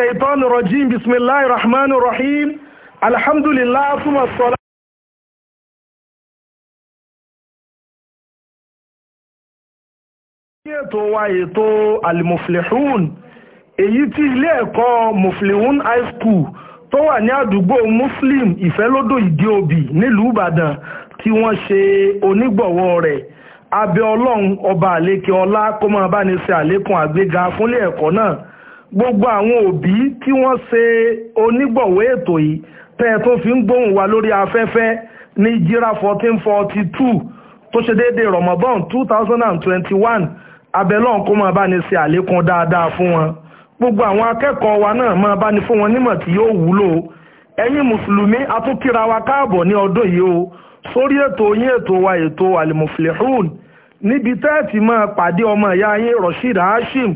الشيطان الرجيم بسم الله الرحمن الرحيم الحمد لله ثم الصلاة ètò wa ètò alimuflihun èyí tí ilé ẹ̀kọ́ muflihun high school tó wà ní àdúgbò muslim ìfẹ́lódò ìdíòbí nílùú ìbàdàn tí wọ́n ṣe onígbọ̀wọ́ rẹ̀ abẹ́ ọlọ́run ọba àlékè ọlá kó máa bá ní ṣe àlékún àgbéga fúnlé ẹ̀kọ́ náà gbogbo àwọn òbí tí wọ́n ṣe onígbọ̀wọ́ ètò yìí tẹ́ ẹ tó fi ń gbóhùn wa lórí afẹ́fẹ́ ní jíra fourteen forty two tó ṣe déédéé Ramadan two thousand and twenty one abẹ́lọ́n kó máa bá ní ṣe àlékún dáadáa fún wọn gbogbo àwọn akẹ́kọ̀ọ́ wa náà máa bá ní fún wọn nímọ̀ tí yóò wúlò ẹ̀yin mùsùlùmí atúkìra wa káàbọ̀ ní ọdún yìí o sórí ètò yín ètò wa ètò alimuflihun níbi tẹ́ẹ̀tì máa pàdé ọmọ ìyá yín Rasheed Hashim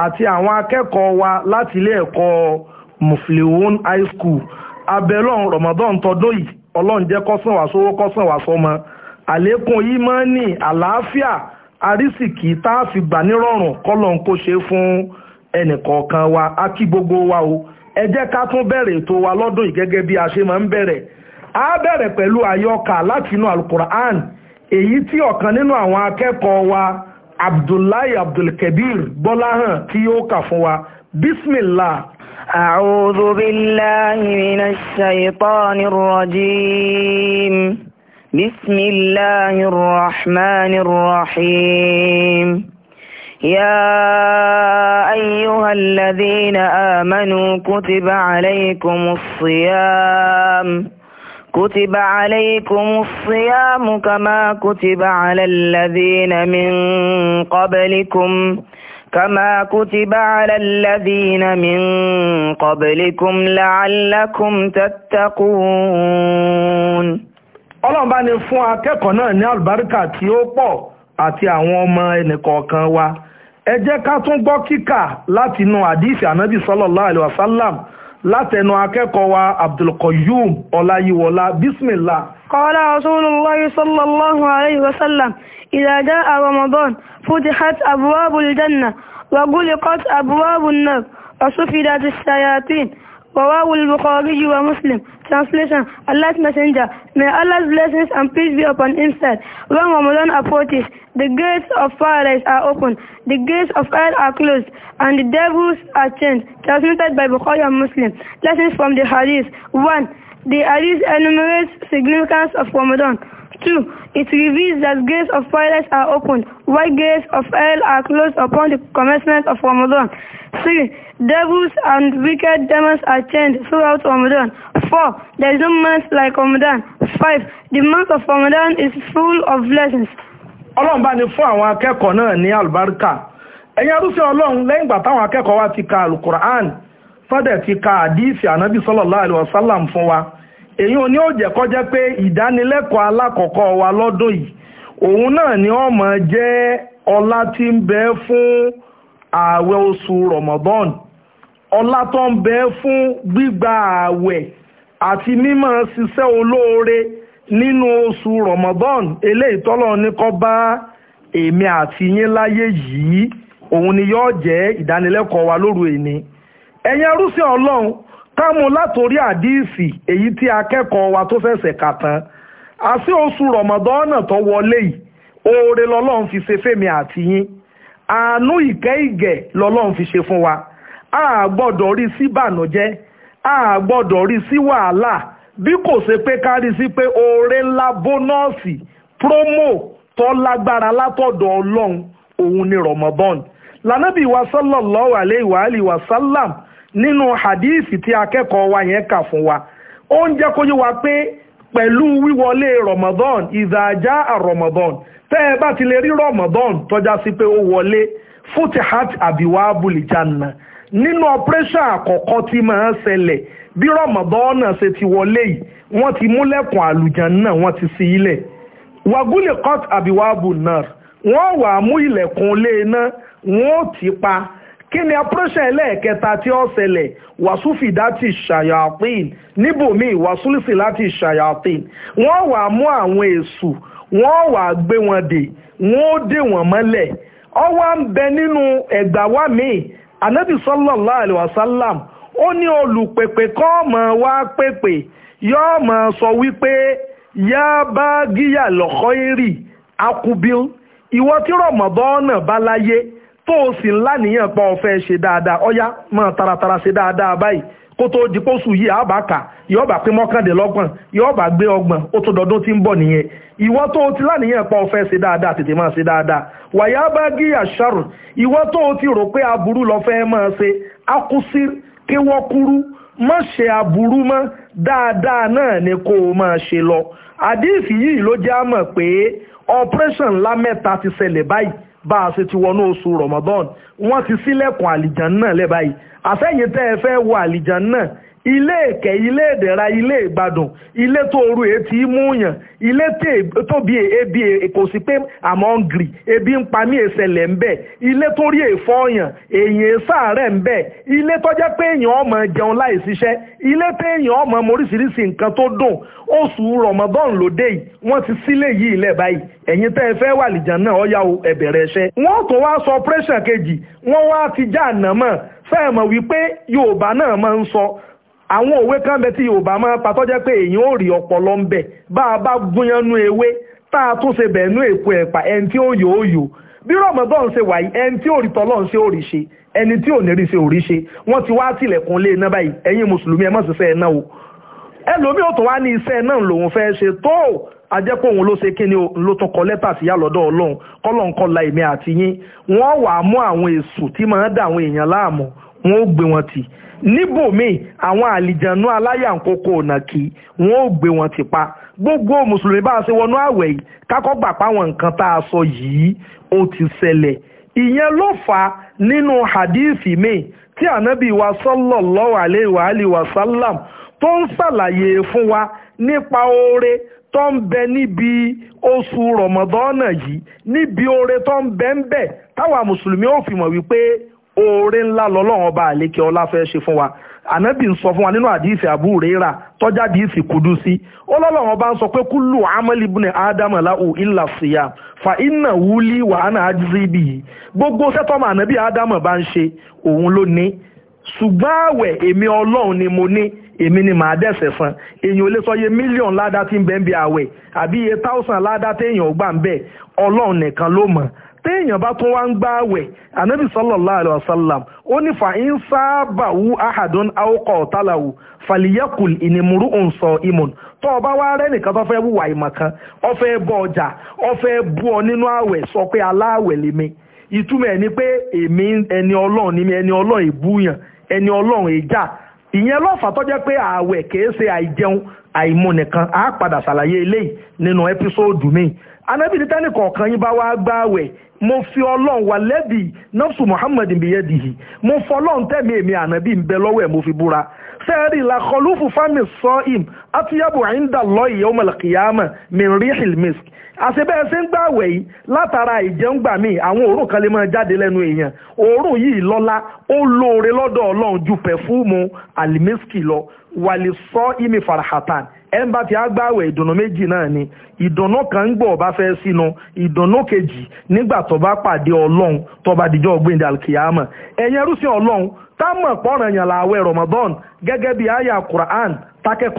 àti àwọn akẹ́kọ̀ọ́ wa láti ilé ẹ̀kọ́ mufliwon high school abẹ́lọ́n Ramadan tọdún yìí ọlọ́run jẹ́ kọ́sàn wá sówó kọ́sàn wá sọmọ àlékún yìí máa ní àlàáfíà àrísìkì tá a fi gbà nírọ̀rùn kọ́lọ́n kó ṣe fún ẹnìkọ̀ọ̀kan wa á kí gbogbo wa o ẹ jẹ́ ká tún bẹ̀rẹ̀ ètò wa lọ́dún yìí gẹ́gẹ́ bí a ṣe máa ń bẹ̀rẹ̀ a bẹ̀rẹ̀ pẹ̀lú àyọkà látinú alukur'an èyí tí ọ̀kan nínú àwọn akẹ́kọ̀ọ́ wa abdullahi abdulkabir bọ́láhàn tí ó kà fún wa bismillah. a'udhu billahi minash shaytanir rajim bismillahir rahmanir rahim. يا أيها الذين آمنوا كتب عليكم الصيام كتب عليكم الصيام كما كتب على الذين من قبلكم كما كتب على الذين من قبلكم لعلكم تتقون ọlọ́run bá ní fún akẹ́kọ̀ọ́ náà ní àlùbáríkà tí ó pọ̀ àti àwọn ọmọ ẹnìkọ̀ọ̀kan wa ẹ jẹ́ ká tún gbọ́ kíkà látinú àdíìsì ànábì sallallahu alaihi wasallam látẹnu akẹ́kọ̀ọ́ wa abdulkoyum ọláyíwọlá bísmìlá. kọ́lá rasulullahi sallallahu alayhi wa sallam ìlàjá ramadan futihat abuwabul janna wa guliqat abuwabul nar wa sufidat shayatin Rawahu al-Bukhari wa Muslim. Translation, Allah's Messenger, may Allah's blessings and peace be upon him said, when Ramadan approaches, the gates of paradise are open, the gates of hell are closed, and the devils are chained. Transmitted by Bukhari and Muslim. Lessons from the Hadith. 1. The Hadith enumerates significance of Ramadan. Two. It reveals that gates of paradise are opened, while gates of hell are closed upon the commencement of Ramadan. Three. Devils and wicked demons are chained throughout Ramadan. Four. There is no month like Ramadan. Five. The month of Ramadan is full of blessings. Ọlọ́run bá ní fún àwọn akẹ́kọ̀ọ́ náà ní àlùbáríkà. Ẹ̀yin arúfẹ́ Ọlọ́run lẹ́yìn ìgbà táwọn akẹ́kọ̀ọ́ wa ti ka Alukur'an, fọ́dẹ̀ ti ka àdíìsì ànábì sallallahu alaihi wasallam fún wa èyí ò ní ó jẹ́ kó jẹ́ pé ìdánilẹ́kọ̀ọ́ alákọ̀ọ́kọ́ wa lọ́dún yìí òun náà ni ó máa jẹ́ ọlá tí ń bẹ fún ààwẹ̀ oṣù Ramadan ọlá tó ń bẹ fún gbígba ààwẹ̀ àti mímọ́ ṣiṣẹ́ olóore nínú oṣù Ramadan eléyìí tọ́lọ́ ní kó bá èmi àti yín láyé yìí òun ni yóò jẹ́ ìdánilẹ́kọ̀ọ́ wa lóru èní ẹ̀yin arúsìn Ọlọ́run kámú látòrí àdíìsì èyí tí akẹ́kọ̀ọ́ wa tó fẹsẹ̀ kà tán àti oṣù rọ̀mọ̀dọ́nà tó wọlé yìí oore lọ́lọ́run fi ṣe fẹ́mi àti yín àánú ìkẹ́ ìgẹ̀ lọ́lọ́run fi ṣe fún wa a gbọ́dọ̀ rí sí bànújẹ́ a gbọ́dọ̀ rí sí wàhálà bí kò ṣe pé ká rí sí pé oore ńlá bónọ́ọ̀sì promo tó lágbára látọ̀dọ̀ ọlọ́run òun ni rọ̀mọ̀bọ́n lànàbí wa sallallahu alaihi wa alihi nínú hadithi tí akẹ́kọ̀ọ́ wa yẹn kà fún wa ó ń jẹ́ kó yé wa pé pẹ̀lú wíwọlé Ramadan ìzàjá Ramadan tẹ́ ẹ bá ti lè rí Ramadan tọ́já sí pé ó wọlé futihat abiwabul janna nínú ọpẹ́ṣà àkọ́kọ́ tí máa ń ṣẹlẹ̀ bí Ramadan náà ṣe ti wọlé yìí wọ́n ti múlẹ̀kùn àlùjànnà wọ́n ti ṣí ilẹ̀ wàgúlẹ̀ court abiwabul nar wọ́n wà mú ilẹ̀kùn lé iná wọ́n ti pa kí ni approach ẹlẹ́ẹ̀kẹta tí ó ṣẹlẹ̀ wàsúfì láti ṣàyàpín níbòmíì wàsúlùfì láti ṣàyàpín wọ́n wà mú àwọn èṣù wọ́n wà gbé wọn dè wọ́n ó dè wọ́n mọ́lẹ̀ ó wá ń bẹ nínú ẹ̀gbà wá míì anabi sallallahu alayhi wa sallam ó ní olùpèpè kọ́ mọ̀ wá pèpè yóò mọ̀ sọ wípé yá bá gíyà lọ́kọ́ ìrì akubil ìwọ tí rọ̀mọ̀bọ́ náà bá láyé tó o sì ńlá nìyẹn pa ọ̀fẹ́ ṣe dáadáa ọ̀yá máa taratara ṣe dáadáa báyìí kó tó di pósù yìí àbá kà yóò bá pé mọ́kàndínlọ́gbọ̀n yóò bá gbé ọgbọ̀n ó tó dọdún tí ń bọ̀ nìyẹn ìwọ tó o ti láníyàn pa ọ̀fẹ́ ṣe dáadáa tètè máa ṣe dáadáa wàyà bá gí àṣàrò ìwọ tó o ti rò pé aburú lọ fẹ́ máa ṣe akúsí kí wọ́n kúrú má ṣe aburú mọ́ dáadáa náà ni kó o máa ṣe lọ àdéhìí yìí ló já mọ̀ pé operation ńlá mẹ́ta ti ṣẹlẹ̀ báyìí bá a ṣe ti wọnú oṣù Ramadan wọ́n ti ṣílẹ̀kùn àlìjàn náà lẹ́bàáyìí àfẹ́yìn tẹ́ ẹ fẹ́ wọ àlìjàn náà ilé ìkẹ́ ilé ìdẹ̀ra ilé ìgbádùn ilé tó oru etí múyàn ilé tóbi e, ebi e, kò sí pé àmọ́ ń gìrì ebi ń pa mí ìṣẹ̀lẹ̀ ń bẹ̀ ilé tó rí èèfọ́ọ̀yàn èèyàn sàárẹ̀ ń bẹ̀ ilé tó jẹ́ pé èèyàn ọmọ jẹun láì ṣiṣẹ́ ilé pé èèyàn ọmọ moríṣiríṣi nǹkan tó dùn oṣù Ramadan lóde yìí wọ́n ti sílé yìí ilẹ̀ báyìí ẹ̀yin tẹ́ ẹ fẹ́ wà lìjàn náà ọ̀yà ẹ̀bẹ̀rẹ̀ ẹ̀ṣẹ́ wọ́n tó wá sọ pẹ́ṣẹ̀ kejì wọ́n wá ti já ànámọ̀ fẹ́ẹ̀ mọ̀ wípé Yorùbá náà máa ń sọ àwọn òwe kan bẹ tí yorùbá máa pa tọ́jẹ́ pé èyàn ò rí ọpọlọ ń bẹ bá a bá gúnyanú ewé tá a tún ṣe bẹ̀ẹ́nú èpo ẹ̀pà ẹni tí ó yò ó yò bí rọ̀mọ́dọ́n ṣe wà yìí ẹni tí ò rí tọ́lọ́n ṣe ò rí ṣe ẹni tí ò ní rí ṣe ò rí ṣe wọ́n ti wá tilẹ̀kùn lé iná báyìí ẹ̀yin mùsùlùmí ẹ má ṣiṣẹ́ ẹ̀ náà o ẹlòmíì ò tún wá ní iṣẹ́ náà lòun fẹ́ ṣe tó ajẹ́pọ̀ òun ló ṣe kí ni ló tún kọ lẹ́tà sí yà lọ́dọ̀ ọlọ́run kọ́lọ́n kọ́ la èmi àti yín wọ́n wàá mú àwọn èṣù tí máa ń dà àwọn èèyàn láàmú wọn ó gbé wọn tì níbòmíì àwọn àlìjànú aláyànkókò ònàkì wọn ò gbé wọn ti pa gbogbo mùsùlùmí bá a ṣe wọnú àwẹ̀ yìí kákọ́ gbà páwọn nǹkan tá a sọ yìí ó ti ṣẹlẹ̀ ìyẹn ló fà á nínú hadithi míì tí ànábì wa sallallahu alaihi wa alihi wa sallam tó ń ṣàlàyé fún wa nípa oore tó ń bẹ níbi oṣù rọmọdọ́nà yìí níbi oore tó ń bẹ ń bẹ táwa mùsùlùmí ò fi wípé oore ńlá lọ́lọ́run ọba àlékè ọlá fẹ́ ṣe fún wa ànábì ń sọ fún wa nínú àdìsí àbú rírà tọ́jà àdìsí kudu sí ó lọ́lọ́run ọba ń sọ pé kúlù amali ibn ádámù láhù ìlà síyà fa iná wúlí wàhánà ájísí bì í gbogbo sẹ́tọ́mù ànábì ádámù bá ń ṣe òun ló ní ṣùgbọ́n àwẹ̀ èmi ọlọ́run ni mo ní èmi ni màá dẹ̀sẹ̀ san èèyàn ò lè sọ iye mílíọ̀nù ládá tí ń bẹ ń àwẹ̀ àbí iye táùsàn ládá téèyàn ò gbà ń bẹ̀ ọlọ́run nìkan ló mọ̀ téèyàn bá tún wá ń gbá àwẹ̀ anabi sallallahu alayhi wa sallam ó ní fa in sábà wú ahadun awokọ̀ talawu faliyakul inimuru nsọ imun tó bá wá rẹ nìkan tó fẹ́ wùwà ìmọ̀kan ó bọ ọjà ó bú ọ nínú àwẹ̀ sọ pé pé ẹni ọlọ́run ni mi ẹni ọlọ́run ìbúyàn ẹni ọlọ́run ìjà ìyẹn lọ́fà tó jẹ́ pé kìí ṣe àìjẹun nìkan á padà ṣàlàyé eléyìí nínú anábì ní tẹ́nì kọ̀ọ̀kan yín bá wá gbààwẹ̀ mo fi ọlọ́run wà lẹ́bi nọ́ọ̀sù muhammed bìyẹ́dìhì mo fọ ọlọ́run tẹ̀mí èmi ànábì ń bẹ lọ́wọ́ ẹ̀ mo fi búra sẹ́ẹ̀rì làkọlùfù fámì sọ im àtúnyàbò àyíǹda lọ́ọ̀yì yawmal qiyamah min rihil misk àṣebẹ́ẹ̀ ṣe ń gbà wẹ̀ yìí látara ìjẹungbà míì àwọn òórùn kan lè máa jáde lẹ́nu èèyàn òórùn yìí lọ́lá ó lóore lọ́dọ̀ ọlọ́run ju pẹ̀fúùmù àlìmísìkì lọ wàlì sọ imi farahatan ẹnba tí a gbààwẹ̀ ìdùnnú méjì náà ni ìdùnnú kan ń gbọ́ ọba fẹ́ sínú ìdùnnú kejì nígbà tó bá pàdé ọlọ́run tó bá dijọ́ gbẹ̀ndẹ̀ alkiyama ẹ̀yin ẹrúsìn ọlọ́run tá mọ̀ pọ́nrán yàn láàwẹ̀ Ramadan gẹ́gẹ́ bí àyà Quran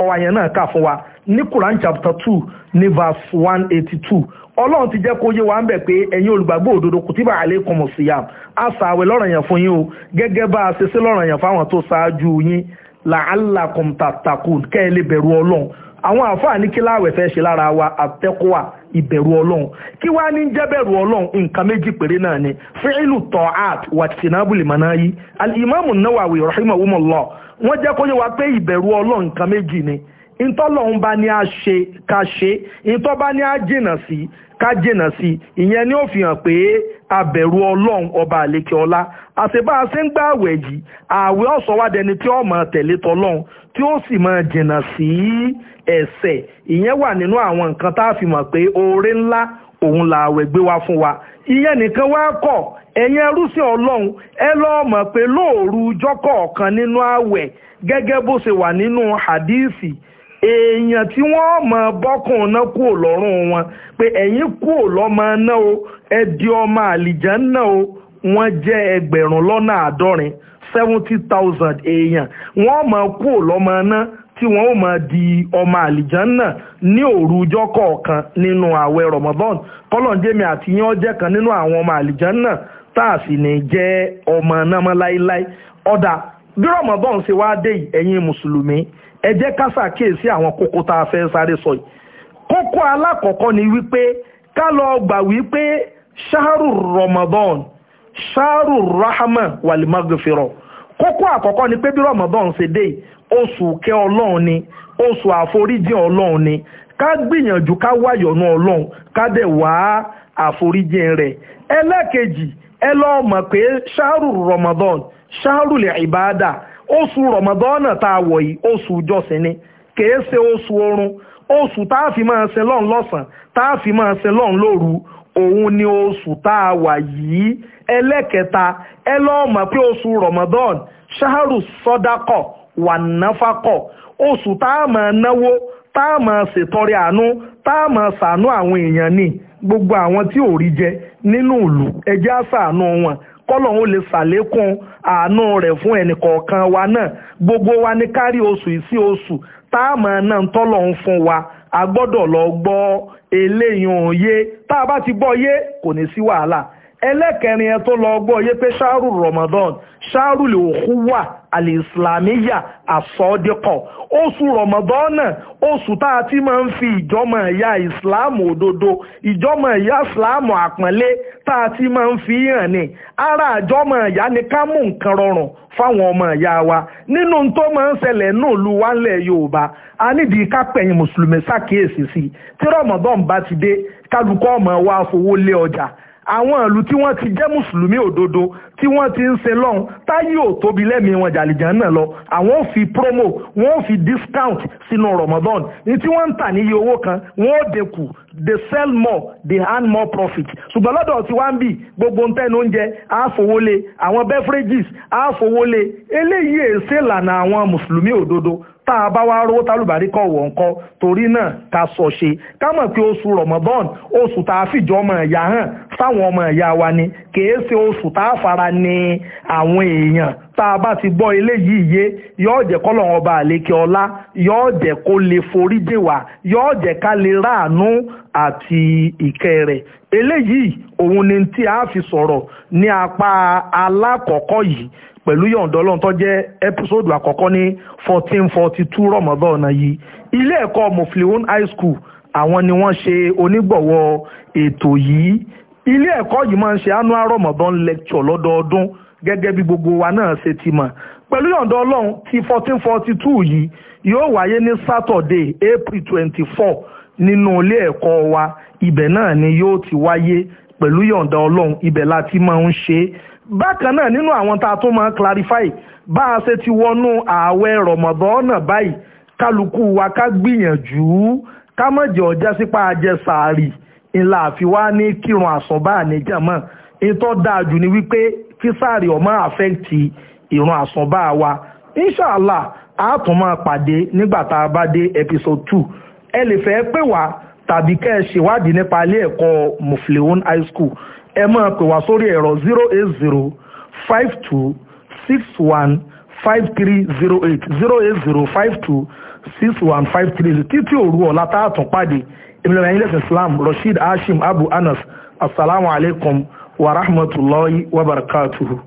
wa yẹn náà kà fún wa ní Quran chapter two ní verse one eighty ti jẹ́ kó yé wa ń bẹ̀ pé ẹ̀yin olùgbàgbọ́ òdodo kùtìbà fún o gẹ́gẹ́ bá a ṣe sí fáwọn tó ṣáájú yín làálàkùn tàtàkùn kẹ́ ẹ lè bẹ̀rù ọlọ́run àwọn àfáà ní kí láàwẹ̀ fẹ́ ṣe lára wa àtẹ́kọ́wà ìbẹ̀rù ọlọ́run kí wá ní jẹ́bẹ̀rù ọlọ́run nǹkan méjì péré náà ni fíìlù tọ́át wà tìǹbùlì mọ́ná yìí alimami Nawawi rahimahumullah wọ́n jẹ́ kó yẹ wa pé ìbẹ̀rù ọlọ́run nǹkan méjì ni ìtọ́lọ́hún bá ní a ṣe ká ṣe ìtọ́ bá ní a jìnà sí ká jìnà sí ìyẹn ni ó fi hàn pé abẹ̀rù ọlọ́run ọba àlekè ọlá àṣebá a ṣe ń gbá àwẹ̀ yìí àwẹ̀ ọ̀sán wá dẹni tí ó máa tẹ̀lé tọlọ́run tí ó sì máa jìnà sí ẹ̀ṣẹ̀ ìyẹn wà nínú àwọn nǹkan tá a fi mọ̀ pé oore ńlá òun la àwẹ̀ gbé wá fún wa ìyẹn nìkan wá kọ̀ ẹ̀yin ẹrúsìn ọlọ́run ẹ lọ́ọ́ mọ̀ pé lóòrù ọjọ́ nínú àwẹ̀ gẹ́gẹ́ bó ṣe wà nínú hadíìsì èèyàn tí wọ́n mọ̀ bọ́kùn náà kúrò lọ́rùn wọn pé ẹ̀yin kúrò lọ́mọ náà o ẹ ọmọ àlìjá náà o wọ́n jẹ́ ẹgbẹ̀rún lọ́nà àádọ́rin seventy thousand èèyàn wọ́n mọ̀ kúrò lọ́mọ náà tí wọ́n ó máa di ọmọ àlìjánná ní ọjọ́ kọ̀ọ̀kan nínú ààwẹ̀ Ramadan kọ́lọ̀njẹ́mi àti yín ọjẹ́ kan nínú àwọn ọmọ àlìjánná tá a sì ní jẹ́ ọmọ náà mọ́ láíláí ọ̀dà bí Ramadan ṣe wá dé yìí ẹ̀yin mùsùlùmí ẹ jẹ́ ká ṣàkíyèsí àwọn kókó tá a fẹ́ sáré sọ yìí kókó alákọ̀ọ́kọ́ ni wípé ká lọ gbà wípé ṣáàrù Ramadan ṣáàrù rahama walimagfiro. kókó àkọ́kọ́ ni pé bí Ramadan ṣe dé oṣù kẹ́ ọlọ́run ni oṣù àforíjì ọlọ́run ni ká gbìyànjú ká wáyọ̀nù ọlọ́run ká dẹ̀ wá àforíjì rẹ̀ ẹlẹ́kejì ẹ pé ṣáàrù Ramadan ṣáàrù lè osu Ramadan taa a wọ̀ yìí oṣù ìjọsìn ni kèé se oṣù orun, oṣù tá fi máa se lọ́n lọ́sàn taa fi máa se lọ́n lóru òun ni oṣù taa wà yìí ẹlẹ́kẹta ẹ lọ́ọ́ mọ̀ pé oṣù rọ̀mọ̀dọ́n ṣáàrù sọ́dákọ̀ wà náfàkọ̀ oṣù tá máa náwó tá máa ṣètọrẹ àánú máa gbogbo àwọn tí ò rí jẹ nínú ìlú àṣàánú kọ́lọ̀hún lè ṣàlékún àánú rẹ̀ fún ẹnìkọ̀ọ̀kan wa náà gbogbo wa ní kárí oṣù ìsí oṣù táàmù náà ń tọ́lọ̀hún fún wa a gbọ́dọ̀ lọ gbọ́ eléyìí òun yé tá a bá ti gbọ́ yé kò ní sí wàhálà ẹlẹ́kẹrin ẹ tó lọ gbọ́ yé pé ṣáàrù Ramadan ṣáàrù lè òkú wà alìsìlámíyà àsọdíkọ̀ oṣù Ramadan náà oṣù tá a ti máa ń fi ìjọmọ ẹ̀yà ìsìláàmù òdodo ìjọmọ ẹ̀yà ìsìláàmù àpọ́nlé tá a ti máa ń fi hàn ní ara àjọmọ ẹ̀yà ni ká mú nǹkan rọrùn fáwọn ọmọ ẹ̀yà wa nínú tó máa ń ṣẹlẹ̀ náà lu wálẹ̀ Yorùbá a nídìí kápẹ̀yìn mùsùlùmí ṣàkíyèsí sí tí Ramadan bá ti dé kálukọ́ ọmọ wa fowó lé ọjà àwọn ìlú tí wọ́n ti jẹ́ mùsùlùmí òdodo tí wọ́n ti ń ṣe lọ́hùn táyé ò tóbi lẹ́mìí wọn jàlìjàn náà lọ àwọn ò fi promo wọ́n ò fi discount sínú Ramadan ní tí wọ́n ń tà níye owó kan wọ́n ò dẹkù they sell more they earn more profit ṣùgbọ́n lọ́dọ̀ tí wọ́n ń bì gbogbo ntẹ́nu oúnjẹ àfowólé àwọn beverages àfowólé eléyìí èsè lànà àwọn mùsùlùmí òdodo tá a bá wá rówó tálùbárí kọ̀ wọ̀ nǹkan torí náà ká sọ ṣe ká mọ̀ pé oṣù rọ̀mọ́bọ́n oṣù tá a fìjọ ọmọ ẹ̀yà hàn sáwọn ọmọ ẹ̀yà wa ni kì í ṣe oṣù tá a fara ni àwọn èèyàn tá a bá ti gbọ́ eléyìí yé yóò jẹ́ kọ́lọ́run ọba àlékè ọlá yóò jẹ́ kó lè forí dè wá yóò jẹ́ ká lè ráàánú àti ìkẹ́ rẹ̀ eléyìí òun ni tí a fi sọ̀rọ̀ ní apá alákọ̀ọ́kọ́ yìí pẹ̀lú yọ̀ǹda ọlọ́run tó jẹ́ ẹ́písòdù àkọ́kọ́ ní fourteen forty two rọ̀mọ́dọ́ ọ̀nà yìí ilé ẹ̀kọ́ mufliwon high school àwọn ni wọ́n ṣe onígbọ̀wọ́ ètò yìí ilé ẹ̀kọ́ yìí máa ń ṣe annual rọ̀mọ́dọ́ lecture lọ́dọọdún gẹ́gẹ́ bí gbogbo wa náà ṣe ti mọ̀ pẹ̀lú yọ̀ǹda ọlọ́run ti fourteen forty two yìí yóò wáyé ní Saturday April twenty four nínú ilé ẹ̀kọ́ wa ibẹ̀ náà ni yóò ti wáyé pẹ̀lú yọ̀ǹda ọlọ́run ibẹ̀ la ti máa ń ṣe é bákan náà nínú àwọn tá a tún máa clarify bá a ṣe ti wọnú ààwẹ̀ Ramadan náà báyìí kálukú wa ká gbìyànjú ká má jẹ́ ọjà sípa ajẹ́ sàárì ńlá àfiwá ní kírun àsọ̀bá àníjàmọ́ ìtọ́ dáa jù ni wípé kí sáàrì ọmọ àfẹ́ǹtì ìran àsọ̀bá wa inshàlá a tún máa pàdé nígbà tá a bá dé episode two ẹ lè fẹ́ pè wá tàbí kẹ́ ẹ ṣèwádìí nípa ilé ẹ̀kọ́ mufleon high school ẹ máa pè wá sórí ẹ̀rọ zero eight zero five two six one five three zero eight zero eight zero five two six one five three títí òru ọ̀la tá a tún pàdé ìmìlẹ̀ ẹ̀yìn lẹ́sìn Islam Rasheed Hashim Abu Anas asalaamualeykum. As ورحمة الله وبركاته